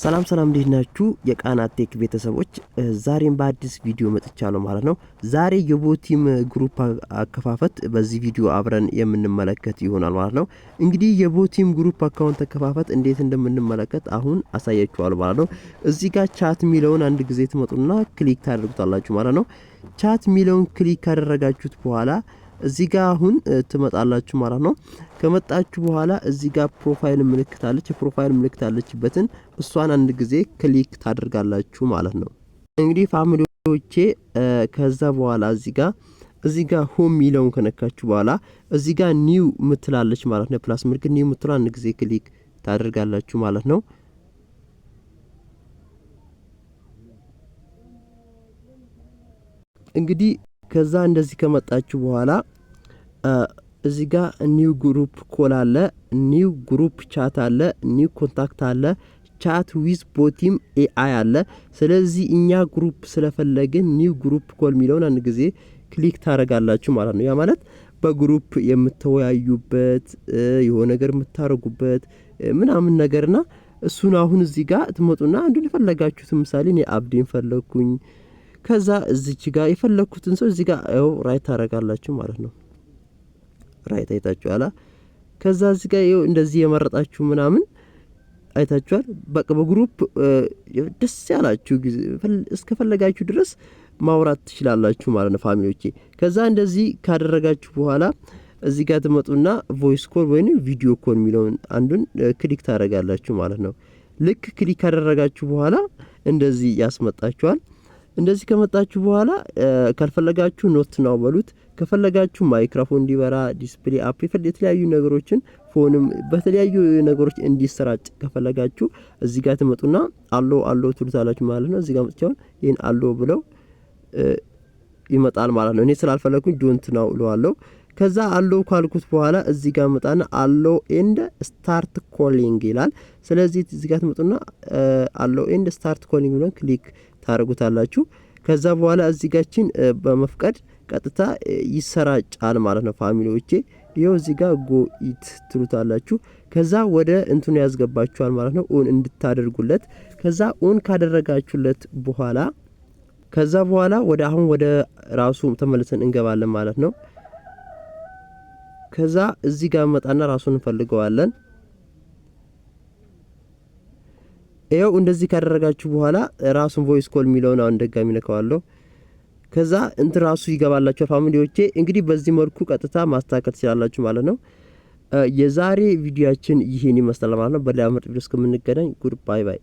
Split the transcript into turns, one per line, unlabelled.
ሰላም ሰላም እንዴት ናችሁ? የቃና ቴክ ቤተሰቦች ዛሬም በአዲስ ቪዲዮ መጥቻለሁ ማለት ነው። ዛሬ የቦቲም ግሩፕ አከፋፈት በዚህ ቪዲዮ አብረን የምንመለከት ይሆናል ማለት ነው። እንግዲህ የቦቲም ግሩፕ አካውንት አከፋፈት እንዴት እንደምንመለከት አሁን አሳያችኋለሁ ማለት ነው። እዚህ ጋር ቻት ሚለውን አንድ ጊዜ ትመጡና ክሊክ ታደርጉታላችሁ ማለት ነው። ቻት ሚለውን ክሊክ ካደረጋችሁት በኋላ እዚህ ጋር አሁን ትመጣላችሁ ማለት ነው። ከመጣችሁ በኋላ እዚህ ጋር ፕሮፋይል ምልክት አለች። የፕሮፋይል ምልክት ያለችበትን እሷን አንድ ጊዜ ክሊክ ታደርጋላችሁ ማለት ነው። እንግዲህ ፋሚሊዎቼ ከዛ በኋላ እዚህ ጋር እዚ ጋ ሆም ሚለውን ከነካችሁ በኋላ እዚ ጋ ኒው ምትላለች ማለት ነው። ፕላስ ምልክት ኒው ምትሉ አንድ ጊዜ ክሊክ ታደርጋላችሁ ማለት ነው። እንግዲህ ከዛ እንደዚህ ከመጣችሁ በኋላ እዚ ጋር ኒው ግሩፕ ኮል አለ፣ ኒው ግሩፕ ቻት አለ፣ ኒው ኮንታክት አለ፣ ቻት ዊዝ ቦቲም ኤአይ አለ። ስለዚህ እኛ ግሩፕ ስለፈለግን ኒው ግሩፕ ኮል የሚለውን አንድ ጊዜ ክሊክ ታደረጋላችሁ ማለት ነው። ያ ማለት በግሩፕ የምትወያዩበት የሆነ ነገር የምታደረጉበት ምናምን ነገርና እሱን አሁን እዚህ ጋር ትመጡና አንዱን የፈለጋችሁት ምሳሌ እኔ አብዴን ፈለግኩኝ ከዛ እዚች ጋር የፈለግኩትን ሰው እዚ ጋር ው ራይት ታረጋላችሁ ማለት ነው። ራይት አይታችሁ ከዛ እዚ ጋር ው እንደዚህ የመረጣችሁ ምናምን አይታችኋል። በቃ በግሩፕ ደስ ያላችሁ እስከፈለጋችሁ ድረስ ማውራት ትችላላችሁ ማለት ነው ፋሚሊዎቼ። ከዛ እንደዚህ ካደረጋችሁ በኋላ እዚ ጋር ትመጡና ቮይስ ኮል ወይም ቪዲዮ ኮል የሚለውን አንዱን ክሊክ ታደረጋላችሁ ማለት ነው። ልክ ክሊክ ካደረጋችሁ በኋላ እንደዚህ ያስመጣችኋል። እንደዚህ ከመጣችሁ በኋላ ካልፈለጋችሁ ኖት ነው በሉት። ከፈለጋችሁ ማይክሮፎን እንዲበራ ዲስፕሌ አፕ የተለያዩ ነገሮችን ፎንም በተለያዩ ነገሮች እንዲሰራጭ ከፈለጋችሁ እዚህ ጋር ትመጡና አሎ አሎ ትሉታላችሁ ማለት ነው። እዚህ ጋር መጥቻውን ይህን አሎ ብለው ይመጣል ማለት ነው። እኔ ስላልፈለግኩኝ ጆንት ነው እለዋለሁ። ከዛ አሎ ካልኩት በኋላ እዚህ ጋር መጣና አሎ ኤንድ ስታርት ኮሊንግ ይላል። ስለዚህ እዚህ ጋር ትመጡና አሎ ኤንድ ስታርት ኮሊንግ ብለን ክሊክ ታደርጉታላችሁ። ከዛ በኋላ እዚጋችን በመፍቀድ ቀጥታ ይሰራጫል ማለት ነው ፋሚሊዎቼ። ይኸው እዚህ ጋር ጎኢት ትሉታላችሁ። ከዛ ወደ እንትኑ ያስገባችኋል ማለት ነው ኦን እንድታደርጉለት። ከዛ ኡን ካደረጋችሁለት በኋላ ከዛ በኋላ ወደ አሁን ወደ ራሱ ተመልሰን እንገባለን ማለት ነው። ከዛ እዚህ ጋር መጣና ራሱን እንፈልገዋለን። ይኸው እንደዚህ ካደረጋችሁ በኋላ ራሱን ቮይስ ኮል የሚለውን አሁን ደጋሚ ነከዋለሁ። ከዛ እንት ራሱ ይገባላችኋል። ፋሚሊዎቼ እንግዲህ በዚህ መልኩ ቀጥታ ማስተካከል ትችላላችሁ ማለት ነው። የዛሬ ቪዲዮችን ይህን ይመስላል ማለት ነው። በሌላ ምርጥ ቪዲዮ እስከምንገናኝ ጉድ ባይ ባይ።